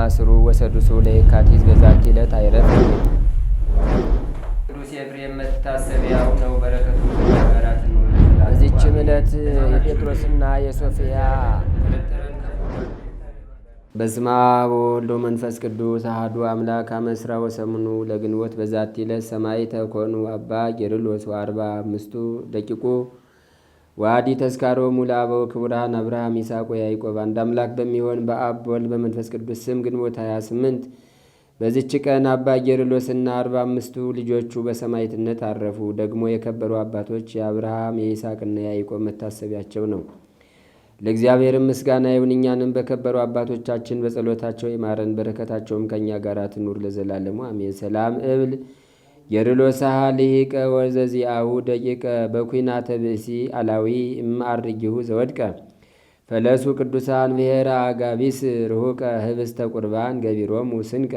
አማስሩ ወሰዱሱ ለየካቲት በዛቲ ዕለት አይረፍ። ቅዱስ ኤፍሬም መታሰቢያው ነው። በረከቱ በዚችም ዕለት የጴጥሮስና የሶፊያ በስመ አብ ወወልድ ወመንፈስ ቅዱስ አሐዱ አምላክ አመስራ ዕስራ ወሰሙኑ ለግንቦት በዛቲ ዕለት ሰማዕት ኮኑ አባ ጌርሎስ ወአርባ አምስቱ ደቂቁ ዋዲ ተስካሮ ሙላበው ክቡራን አብርሃም ይስሐቅ ወያዕቆብ አንድ አምላክ በሚሆን በአብ ወልድ በመንፈስ ቅዱስ ስም ግንቦት 28 በዚች ቀን አባ ጌርሎስና አርባ አምስቱ ልጆቹ በሰማይትነት አረፉ። ደግሞ የከበሩ አባቶች የአብርሃም የይስሐቅና የያዕቆብ መታሰቢያቸው ነው። ለእግዚአብሔር ምስጋና ይሁን። እኛንም በከበሩ አባቶቻችን በጸሎታቸው ይማረን፣ በረከታቸውም ከእኛ ጋር ትኑር ለዘላለሙ አሜን። ሰላም እብል ሳሀ ልሂቀ ወዘዚአው ደቂቀ በኩና ተብእሲ አላዊ እምአርጊሁ ዘወድቀ ፈለሱ ቅዱሳን ብሔረ አጋቢስ ርሁቀ ህብስተ ቁርባን ገቢሮም ውስንቀ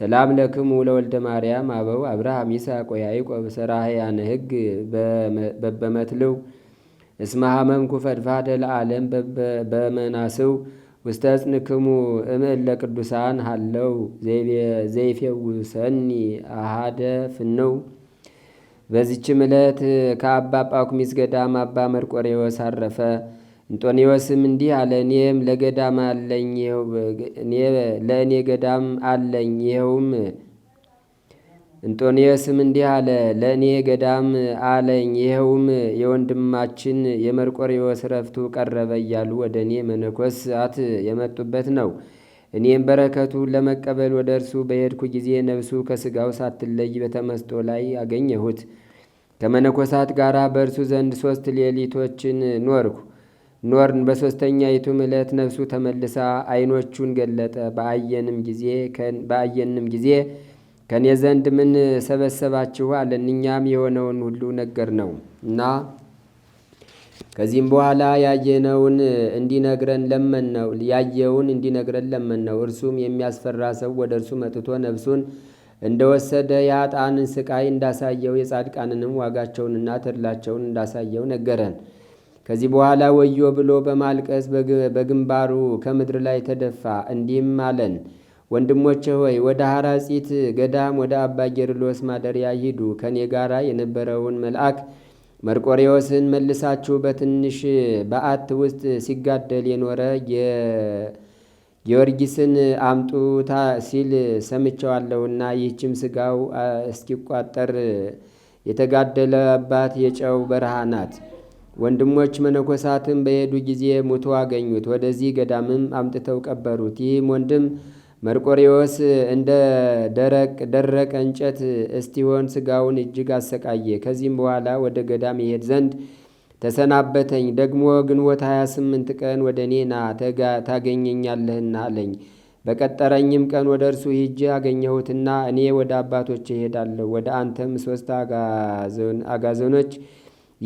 ሰላም ለክሙ ለወልደ ማርያም አበው አብርሃም ይስሐቅ ወያዕቆብ ሰራህያነ ህግ በበመትልው እስማሃመም ኩፈድፋደ ለዓለም በመናስው ውስተጽንክሙ እምእለ ቅዱሳን ሃለው ዘይፌውሰኒ አሃደ ፍነው። በዚችም ዕለት ከአባ ጳኩሚስ ገዳም አባ መርቆሬዎስ አረፈ። እንጦኒዎስም እንዲህ አለ። እኔም ለገዳም አለኝ ለእኔ ገዳም አለኝ ይኸውም እንጦንየስም እንዲህ አለ፣ ለእኔ ገዳም አለኝ። ይኸውም የወንድማችን የመርቆሪዎስ ረፍቱ ቀረበ እያሉ ወደ እኔ መነኮሳት የመጡበት ነው። እኔም በረከቱን ለመቀበል ወደ እርሱ በሄድኩ ጊዜ ነፍሱ ከሥጋው ሳትለይ በተመስጦ ላይ አገኘሁት። ከመነኮሳት ጋር በእርሱ ዘንድ ሦስት ሌሊቶችን ኖርኩ ኖርን። በሦስተኛይቱም ዕለት ነፍሱ ተመልሳ ዓይኖቹን ገለጠ። በአየንም ጊዜ ከእኔ ዘንድ ምን ሰበሰባችኋል? እኛም የሆነውን ሁሉ ነገር ነው እና ከዚህም በኋላ ያየነውን እንዲነግረን ለመን ነው ያየውን እንዲነግረን ለመን ነው። እርሱም የሚያስፈራ ሰው ወደ እርሱ መጥቶ ነፍሱን እንደወሰደ የአጣንን ስቃይ እንዳሳየው የጻድቃንንም ዋጋቸውንና ተድላቸውን እንዳሳየው ነገረን። ከዚህ በኋላ ወዮ ብሎ በማልቀስ በግንባሩ ከምድር ላይ ተደፋ፣ እንዲህም አለን ወንድሞች ሆይ ወደ ሐራጺት ገዳም ወደ አባ ጌርሎስ ማደሪያ ሂዱ። ከእኔ ጋራ የነበረውን መልአክ መርቆሬዎስን መልሳችሁ በትንሽ በዓት ውስጥ ሲጋደል የኖረ ጊዮርጊስን አምጡታ ሲል ሰምቸዋለሁና ይህችም ስጋው እስኪቋጠር የተጋደለ አባት የጨው በረሃ ናት። ወንድሞች መነኮሳትም በሄዱ ጊዜ ሙቶ አገኙት። ወደዚህ ገዳምም አምጥተው ቀበሩት። ይህም ወንድም መርቆሪዎስ እንደ ደረቅ ደረቀ እንጨት እስቲሆን ስጋውን እጅግ አሰቃየ። ከዚህም በኋላ ወደ ገዳም ይሄድ ዘንድ ተሰናበተኝ። ደግሞ ግንቦት 28 ቀን ወደ እኔና ታገኘኛለህና አለኝ። በቀጠረኝም ቀን ወደ እርሱ ሂጄ አገኘሁትና እኔ ወደ አባቶች እሄዳለሁ፣ ወደ አንተም ሶስት አጋዘኖች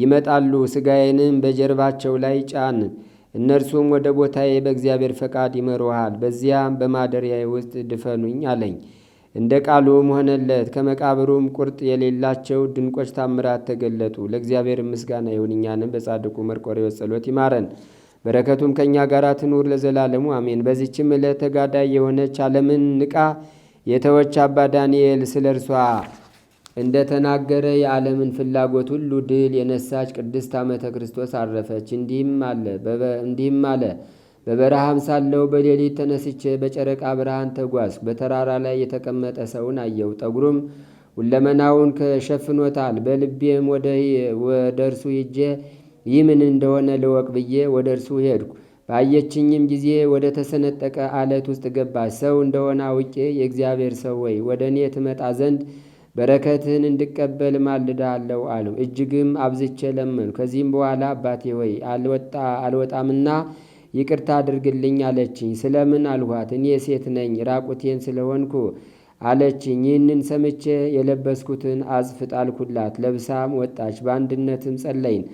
ይመጣሉ፣ ስጋዬንም በጀርባቸው ላይ ጫን እነርሱም ወደ ቦታዬ በእግዚአብሔር ፈቃድ ይመሩሃል፣ በዚያም በማደሪያ ውስጥ ድፈኑኝ አለኝ። እንደ ቃሉም ሆነለት። ከመቃብሩም ቁርጥ የሌላቸው ድንቆች ታምራት ተገለጡ። ለእግዚአብሔር ምስጋና ይሁን፣ እኛንም በጻድቁ መርቆሬዎስ ጸሎት ይማረን፣ በረከቱም ከእኛ ጋር ትኑር ለዘላለሙ አሜን። በዚችም ዕለት ተጋዳይ የሆነች ዓለምን ንቃ የተወች አባ ዳንኤል ስለ እርሷ እንደ ተናገረ የዓለምን ፍላጎት ሁሉ ድል የነሳች ቅድስት ዓመተ ክርስቶስ አረፈች። እንዲህም አለ። በበረሃም ሳለው በሌሊት ተነስቼ በጨረቃ ብርሃን ተጓዝኩ። በተራራ ላይ የተቀመጠ ሰውን አየው። ጠጉሩም ሁለመናውን ከሸፍኖታል። በልቤም ወደ እርሱ ሂጄ ይህ ምን እንደሆነ ልወቅ ብዬ ወደ እርሱ ሄድኩ። ባየችኝም ጊዜ ወደ ተሰነጠቀ ዓለት ውስጥ ገባች። ሰው እንደሆነ አውቄ የእግዚአብሔር ሰው ወይ ወደ እኔ ትመጣ ዘንድ በረከትህን እንድቀበል ማልዳለሁ አለው። እጅግም አብዝቼ ለመንሁ። ከዚህም በኋላ አባቴ ወይ አልወጣ አልወጣምና ይቅርታ አድርግልኝ አለችኝ። ስለምን አልኋት። እኔ ሴት ነኝ ራቁቴን ስለሆንኩ አለችኝ። ይህንን ሰምቼ የለበስኩትን አጽፍ ጣልኩላት። ለብሳም ወጣች። በአንድነትም ጸለይን።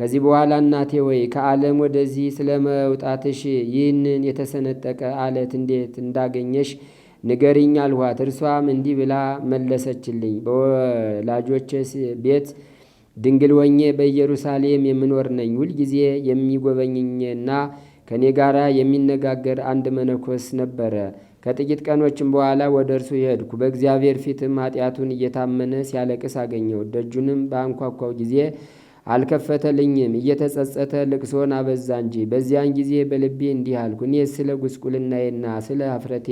ከዚህ በኋላ እናቴ ወይ ከዓለም ወደዚህ ስለ መውጣትሽ ይህንን የተሰነጠቀ አለት እንዴት እንዳገኘሽ ንገሪኝ አልኋት። እርሷም እንዲህ ብላ መለሰችልኝ። በወላጆች ቤት ድንግል ወኜ በኢየሩሳሌም የምኖር ነኝ። ሁልጊዜ የሚጎበኝኝና ከእኔ ጋር የሚነጋገር አንድ መነኮስ ነበረ። ከጥቂት ቀኖችም በኋላ ወደ እርሱ ይሄድኩ። በእግዚአብሔር ፊትም ኃጢአቱን እየታመነ ሲያለቅስ አገኘው። ደጁንም በአንኳኳው ጊዜ አልከፈተልኝም። እየተጸጸተ ልቅሶን አበዛ እንጂ። በዚያን ጊዜ በልቤ እንዲህ አልኩ፣ እኔ ስለ ጉስቁልናዬና ስለ አፍረቴ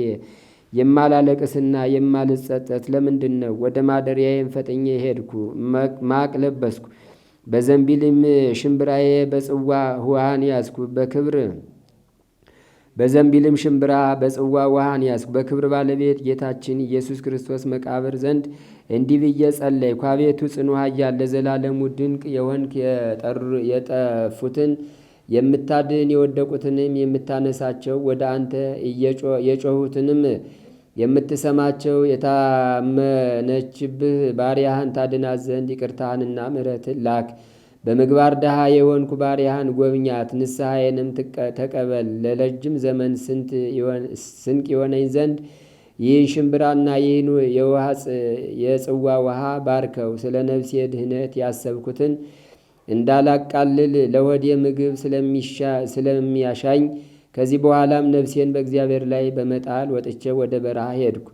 የማላለቅስና የማልጸጸት ለምንድን ነው? ወደ ማደሪያዬን ፈጥኜ ሄድኩ፣ ማቅ ለበስኩ፣ በዘንቢልም ሽምብራዬ በጽዋ ውሃን ያዝኩ፣ በክብር በዘንቢልም ሽምብራ በጽዋ ውሃን ያዝኩ። በክብር ባለቤት ጌታችን ኢየሱስ ክርስቶስ መቃብር ዘንድ እንዲህ ብዬ ጸለይ ኳቤቱ ጽኑ ኃያል ለዘላለሙ ድንቅ የሆንክ የጠፉትን የምታድን የወደቁትንም የምታነሳቸው ወደ አንተ የጮሁትንም የምትሰማቸው የታመነችብህ ባሪያህን ታድናት ዘንድ ይቅርታህንና ምሕረትን ላክ። በምግባር ድሃ የሆንኩ ባሪያህን ጎብኛት፣ ንስሐዬንም ተቀበል። ለረጅም ዘመን ስንቅ የሆነኝ ዘንድ ይህን ሽምብራና ይህን የጽዋ ውሃ ባርከው። ስለ ነፍሴ ድህነት ያሰብኩትን እንዳላቃልል ለወዴ ምግብ ስለሚያሻኝ ከዚህ በኋላም ነፍሴን በእግዚአብሔር ላይ በመጣል ወጥቼ ወደ በረሃ ሄድኩ።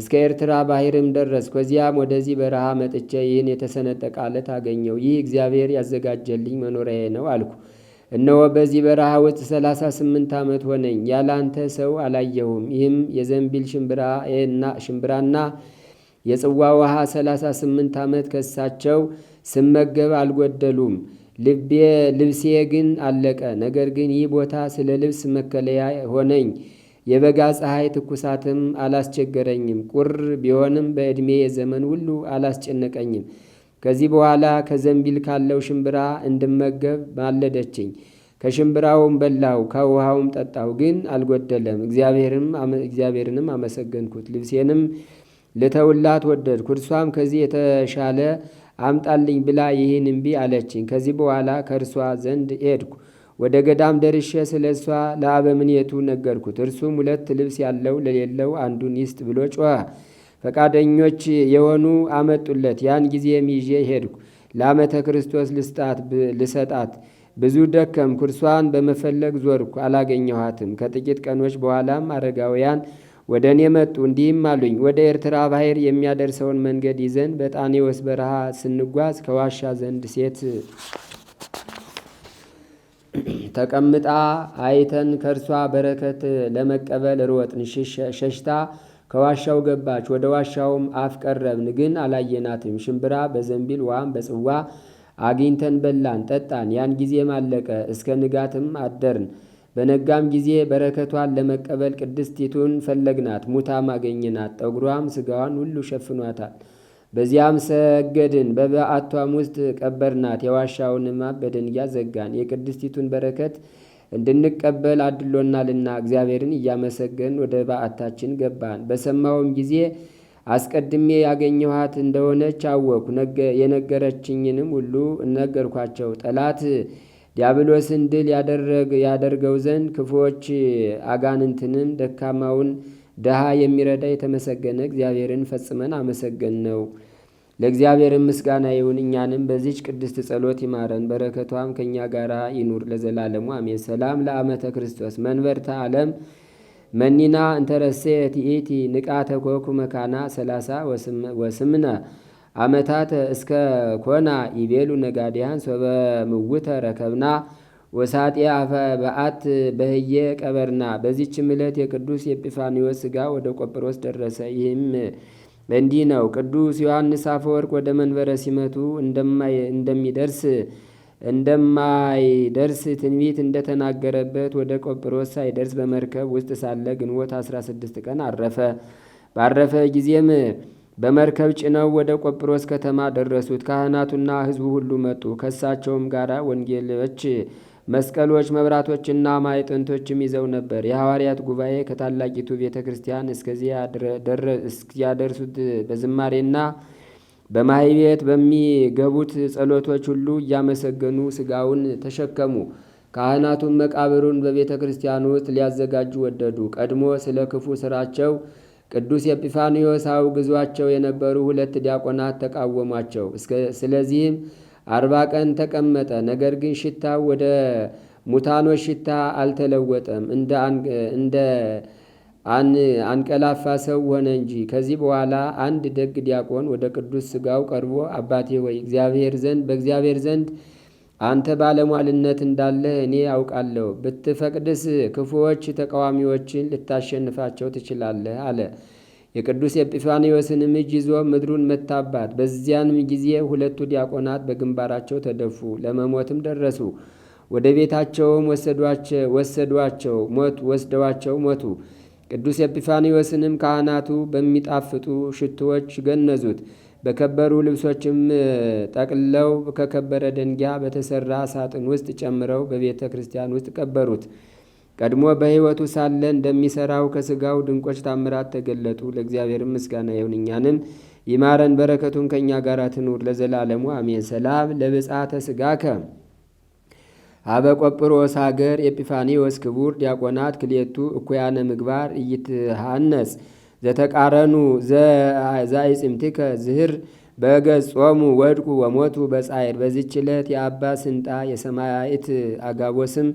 እስከ ኤርትራ ባህርም ደረስ። ከዚያም ወደዚህ በረሃ መጥቼ ይህን የተሰነጠቀ አለት አገኘው። ይህ እግዚአብሔር ያዘጋጀልኝ መኖሪያዬ ነው አልኩ። እነሆ በዚህ በረሃ ውስጥ 38 ዓመት ሆነኝ፣ ያላንተ ሰው አላየሁም። ይህም የዘንቢል ሽምብራና የጽዋ ውሃ 38 ዓመት ከሳቸው ስመገብ አልጎደሉም። ልቤ ልብሴ ግን አለቀ። ነገር ግን ይህ ቦታ ስለ ልብስ መከለያ ሆነኝ፣ የበጋ ፀሐይ ትኩሳትም አላስቸገረኝም። ቁር ቢሆንም በዕድሜ የዘመን ሁሉ አላስጨነቀኝም። ከዚህ በኋላ ከዘንቢል ካለው ሽምብራ እንድመገብ ማለደችኝ። ከሽምብራውም በላው ከውሃውም ጠጣው ግን አልጎደለም። እግዚአብሔርንም አመሰገንኩት። ልብሴንም ልተውላት ወደድኩ። እርሷም ከዚህ የተሻለ አምጣልኝ ብላ ይህን እምቢ አለችኝ። ከዚህ በኋላ ከእርሷ ዘንድ ሄድኩ። ወደ ገዳም ደርሼ ስለ እሷ ለአበምኔቱ ነገርኩት። እርሱም ሁለት ልብስ ያለው ለሌለው አንዱን ይስጥ ብሎ ጮኸ። ፈቃደኞች የሆኑ አመጡለት። ያን ጊዜም ይዤ ሄድኩ። ለዓመተ ክርስቶስ ልስጣት ልሰጣት ብዙ ደከምኩ። እርሷን በመፈለግ ዞርኩ፣ አላገኘኋትም። ከጥቂት ቀኖች በኋላም አረጋውያን ወደ እኔ መጡ፣ እንዲህም አሉኝ፣ ወደ ኤርትራ ባህር የሚያደርሰውን መንገድ ይዘን በጣኔዎስ በረሃ ስንጓዝ ከዋሻ ዘንድ ሴት ተቀምጣ አይተን ከእርሷ በረከት ለመቀበል ሮጥን። ሸሽታ ከዋሻው ገባች። ወደ ዋሻውም አፍ ቀረብን፣ ግን አላየናትም። ሽምብራ በዘንቢል ውሃም በጽዋ አግኝተን በላን፣ ጠጣን። ያን ጊዜም አለቀ። እስከ ንጋትም አደርን። በነጋም ጊዜ በረከቷን ለመቀበል ቅድስቲቱን ፈለግናት። ሙታም አገኘናት፣ ጠጉሯም ስጋዋን ሁሉ ሸፍኗታል። በዚያም ሰገድን፣ በበዓቷም ውስጥ ቀበርናት። የዋሻውንም አፍ እያዘጋን ዘጋን። የቅድስቲቱን በረከት እንድንቀበል አድሎናልና እግዚአብሔርን እያመሰገን ወደ በዓታችን ገባን። በሰማውም ጊዜ አስቀድሜ ያገኘኋት እንደሆነች አወኩ የነገረችኝንም ሁሉ እነገርኳቸው ጠላት ዲያብሎስን ድል ያደርገው ዘንድ ክፉዎች አጋንንትንም ደካማውን ድሃ የሚረዳ የተመሰገነ እግዚአብሔርን ፈጽመን አመሰገን ነው። ለእግዚአብሔርን ምስጋና ይሁን። እኛንም በዚች ቅድስት ጸሎት ይማረን፣ በረከቷም ከእኛ ጋር ይኑር ለዘላለሙ አሜን። ሰላም ለአመተ ክርስቶስ መንበርተ ዓለም መኒና እንተረሴ ቲኢቲ ንቃተ ኮኩ መካና ሰላሳ ወስምነ አመታት እስከ ኮና ኢቤሉ ነጋዲያን ሶበ ምውተ ረከብና ወሳጤ አፈ በአት በህየ ቀበርና። በዚች ምለት የቅዱስ የጲፋኒዎስ ስጋ ወደ ቆጵሮስ ደረሰ። ይህም እንዲህ ነው። ቅዱስ ዮሐንስ አፈወርቅ ወደ መንበረ ሲመቱ እንደሚደርስ እንደማይደርስ ትንቢት እንደተናገረበት ወደ ቆጵሮስ ሳይደርስ በመርከብ ውስጥ ሳለ ግንቦት 16 ቀን አረፈ። ባረፈ ጊዜም በመርከብ ጭነው ወደ ቆጵሮስ ከተማ ደረሱት። ካህናቱና ሕዝቡ ሁሉ መጡ። ከእሳቸውም ጋር ወንጌሎች፣ መስቀሎች፣ መብራቶችና ማዕጠንቶችም ይዘው ነበር። የሐዋርያት ጉባኤ ከታላቂቱ ቤተ ክርስቲያን እስኪያደርሱት በዝማሬና በማይቤት በሚገቡት ጸሎቶች ሁሉ እያመሰገኑ ሥጋውን ተሸከሙ። ካህናቱም መቃብሩን በቤተ ክርስቲያን ውስጥ ሊያዘጋጁ ወደዱ። ቀድሞ ስለ ክፉ ሥራቸው ቅዱስ ኤጲፋንዮስ አውግዟቸው የነበሩ ሁለት ዲያቆናት ተቃወሟቸው። ስለዚህም አርባ ቀን ተቀመጠ። ነገር ግን ሽታ ወደ ሙታኖች ሽታ አልተለወጠም፣ እንደ አንቀላፋ ሰው ሆነ እንጂ። ከዚህ በኋላ አንድ ደግ ዲያቆን ወደ ቅዱስ ስጋው ቀርቦ አባቴ ወይ እግዚአብሔር ዘንድ በእግዚአብሔር ዘንድ አንተ ባለሟልነት እንዳለ እኔ አውቃለሁ። ብትፈቅድስ ክፉዎች ተቃዋሚዎችን ልታሸንፋቸው ትችላለህ አለ። የቅዱስ ኤጲፋንዮስንም እጅ ይዞ ምድሩን መታባት። በዚያንም ጊዜ ሁለቱ ዲያቆናት በግንባራቸው ተደፉ፣ ለመሞትም ደረሱ። ወደ ቤታቸውም ወሰዷቸው፣ ሞት ወስደዋቸው ሞቱ። ቅዱስ ኤጲፋንዮስንም ካህናቱ በሚጣፍጡ ሽቶዎች ገነዙት። በከበሩ ልብሶችም ጠቅለው ከከበረ ደንጊያ በተሰራ ሳጥን ውስጥ ጨምረው በቤተ ክርስቲያን ውስጥ ቀበሩት። ቀድሞ በሕይወቱ ሳለ እንደሚሰራው ከስጋው ድንቆች ታምራት ተገለጡ። ለእግዚአብሔር ምስጋና ይሁን፣ እኛንም ይማረን፣ በረከቱን ከእኛ ጋር ትኑር ለዘላለሙ አሜን። ሰላም ለብጻተ ስጋከ አበ ሀገር ኤጲፋኒዎስ ክቡር ዲያቆናት ክሌቱ እኩያነ ምግባር እይትሃነጽ ዘተቃረኑ ዛይጽምቲከ ዝህር በገጽ ጾሙ ወድቁ ወሞቱ በጻይር በዚች ዕለት የአባ ስንጣ የሰማያዊት አጋቦስም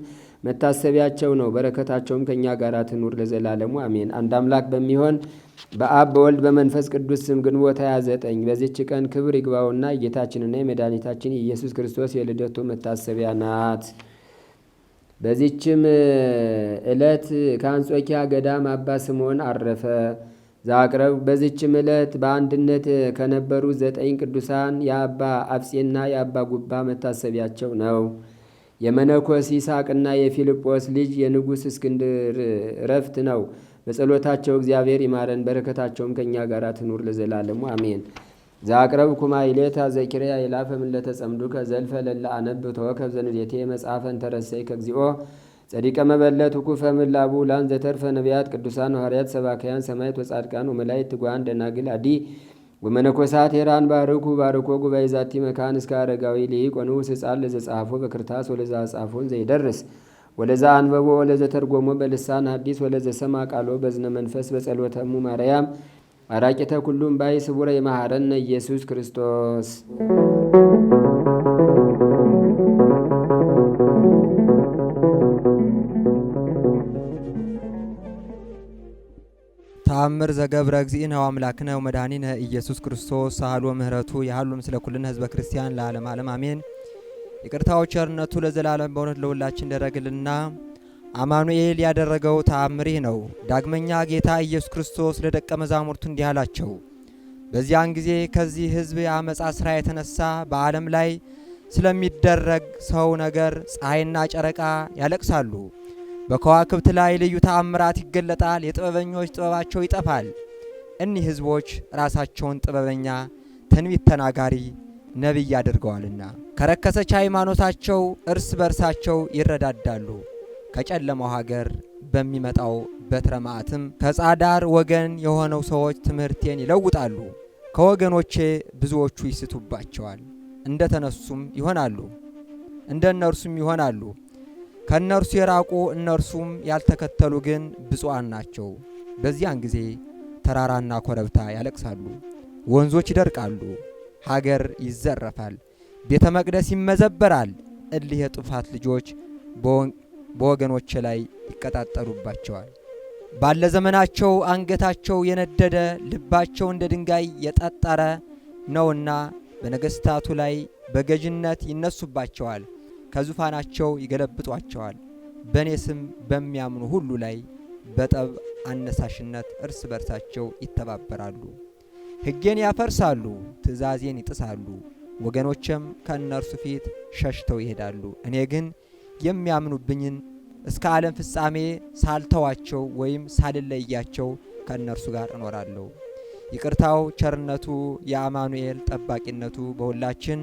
መታሰቢያቸው ነው። በረከታቸውም ከእኛ ጋር ትኑር ለዘላለሙ አሜን። አንድ አምላክ በሚሆን በአብ በወልድ በመንፈስ ቅዱስ ስም ግንቦት 29 በዚች ቀን ክብር ይግባውና የጌታችንና የመድኃኒታችን የኢየሱስ ክርስቶስ የልደቱ መታሰቢያ ናት። በዚችም ዕለት ከአንጾኪያ ገዳም አባ ስምዖን አረፈ። ዛቅረብ በዚችም ዕለት በአንድነት ከነበሩ ዘጠኝ ቅዱሳን የአባ አፍጼና የአባ ጉባ መታሰቢያቸው ነው። የመነኮስ ይስሐቅና የፊልጶስ ልጅ የንጉሥ እስክንድር እረፍት ነው። በጸሎታቸው እግዚአብሔር ይማረን፣ በረከታቸውም ከእኛ ጋር ትኑር ለዘላለሙ አሜን። ዛቅረብ ኩማ ይሌታ ዘኪርያ ይላፈም ለተጸምዱ ከዘልፈ ለላ አነብቶ ከብዘንዴቴ መጽሐፈን ተረሰይ ከግዚኦ ጸዲቀ መበለት ውኩፈ ምላቡ ላን ዘተርፈ ነቢያት ቅዱሳን ሐዋርያት ሰባካያን ሰማያት ወጻድቃን ወመላእክት ትጓን ደናግል አዲ ወመነኮሳት ሄራን ባርኩ ባርኮ ጉባኤ ዛቲ መካን እስከ አረጋዊ ሊቆኑ ስጻል ለዘጻፎ በክርታስ ወለዛ ጻፎን ዘይደርስ ወለዛ አንበቦ ወለዘ ተርጎሞ በልሳን አዲስ ወለዘ ሰማ ቃሎ በዝነ መንፈስ በጸሎተሙ ማርያም አራቂተ ኩሉም ባይ ስቡረ የማሐረነ ኢየሱስ ክርስቶስ ተአምር ዘገብረ እግዚእነ ወአምላክነ ወመድኃኒነ ኢየሱስ ክርስቶስ ሳህሉ ምህረቱ ያህሉ ምስለ ኩልነ ህዝበ ክርስቲያን ለዓለም ዓለም አሜን። ይቅርታው ቸርነቱ ለዘላለም በእውነት ለሁላችን ደረግልና አማኑኤል ያደረገው ተአምር ይህ ነው። ዳግመኛ ጌታ ኢየሱስ ክርስቶስ ለደቀ መዛሙርቱ እንዲህ አላቸው። በዚያን ጊዜ ከዚህ ህዝብ የአመፃ ስራ የተነሳ በዓለም ላይ ስለሚደረግ ሰው ነገር ፀሐይና ጨረቃ ያለቅሳሉ በከዋክብት ላይ ልዩ ተአምራት ይገለጣል። የጥበበኞች ጥበባቸው ይጠፋል። እኒህ ህዝቦች ራሳቸውን ጥበበኛ፣ ትንቢት ተናጋሪ፣ ነቢይ አድርገዋልና ከረከሰች ሃይማኖታቸው እርስ በርሳቸው ይረዳዳሉ። ከጨለማው ሀገር በሚመጣው በትረ መዓትም ከጻዳር ወገን የሆነው ሰዎች ትምህርቴን ይለውጣሉ። ከወገኖቼ ብዙዎቹ ይስቱባቸዋል፣ እንደ ተነሱም ይሆናሉ እንደ እነርሱም ይሆናሉ። ከእነርሱ የራቁ እነርሱም ያልተከተሉ ግን ብፁዓን ናቸው። በዚያን ጊዜ ተራራና ኮረብታ ያለቅሳሉ፣ ወንዞች ይደርቃሉ፣ ሀገር ይዘረፋል፣ ቤተ መቅደስ ይመዘበራል። እሊህ የጥፋት ልጆች በወገኖች ላይ ይቀጣጠሉባቸዋል። ባለ ዘመናቸው አንገታቸው የነደደ ልባቸው እንደ ድንጋይ የጠጠረ ነውና በነገሥታቱ ላይ በገዥነት ይነሱባቸዋል። ከዙፋናቸው ይገለብጧቸዋል። በእኔ ስም በሚያምኑ ሁሉ ላይ በጠብ አነሳሽነት እርስ በርሳቸው ይተባበራሉ። ሕጌን ያፈርሳሉ፣ ትእዛዜን ይጥሳሉ። ወገኖችም ከእነርሱ ፊት ሸሽተው ይሄዳሉ። እኔ ግን የሚያምኑብኝን እስከ ዓለም ፍጻሜ ሳልተዋቸው ወይም ሳልለያቸው ከእነርሱ ጋር እኖራለሁ። ይቅርታው ቸርነቱ፣ የአማኑኤል ጠባቂነቱ በሁላችን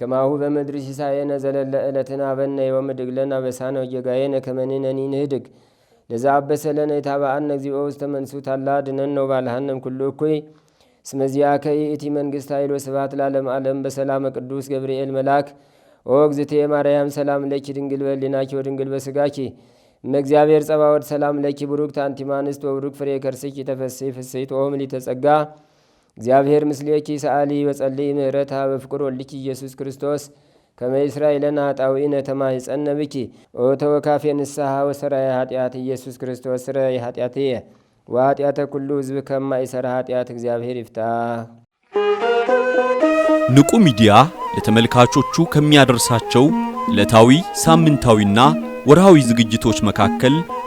ከማሁ በምድሪ ሲሳየነ ዘለለ ዕለትን አበነ ወምድግለን አበሳነ ወጌጋየነ ከመኔነኒ ንህድግ ለዛ አበሰለነ የታባአነ እግዚኦ ውስተ መንሱት አላ ድነን ነው ባልሃንም ኩሉ እኩይ ስመዚያ ከይ እቲ መንግስት ኃይሎ ወስብሐት ላለም ዓለም በሰላመ ቅዱስ ገብርኤል መልአክ ኦ እግዝቴ ማርያም ሰላም ለኪ ድንግል በሊናኪ ወድንግል በስጋኪ እመእግዚአብሔር ጸባወድ ሰላም ለኪ ቡሩክት ታንቲማንስት እምአንስት ወቡሩክ ፍሬ ከርስኪ ተፈሥሒ ፍሥሕት ኦምሊ ተጸጋ እግዚአብሔር ምስሌኪ ሰአሊ በጸልይ ምህረታ በፍቅር ወልኪ ኢየሱስ ክርስቶስ ከመ እስራኤለን አጣዊነ ተማይጸነ ብኪ ኦ ተወካፌ ንስሐ ወሰራይ ኃጢአት ኢየሱስ ክርስቶስ ስረይ የ ወኃጢአተ ኩሉ ህዝብ ከማይሰራ ኃጢአት እግዚአብሔር ይፍታ። ንቁ ሚዲያ ለተመልካቾቹ ከሚያደርሳቸው ዕለታዊ ሳምንታዊና ወርሃዊ ዝግጅቶች መካከል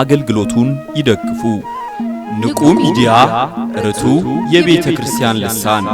አገልግሎቱን ይደግፉ። ንቁ ሚዲያ ርቱ የቤተ ክርስቲያን ልሳን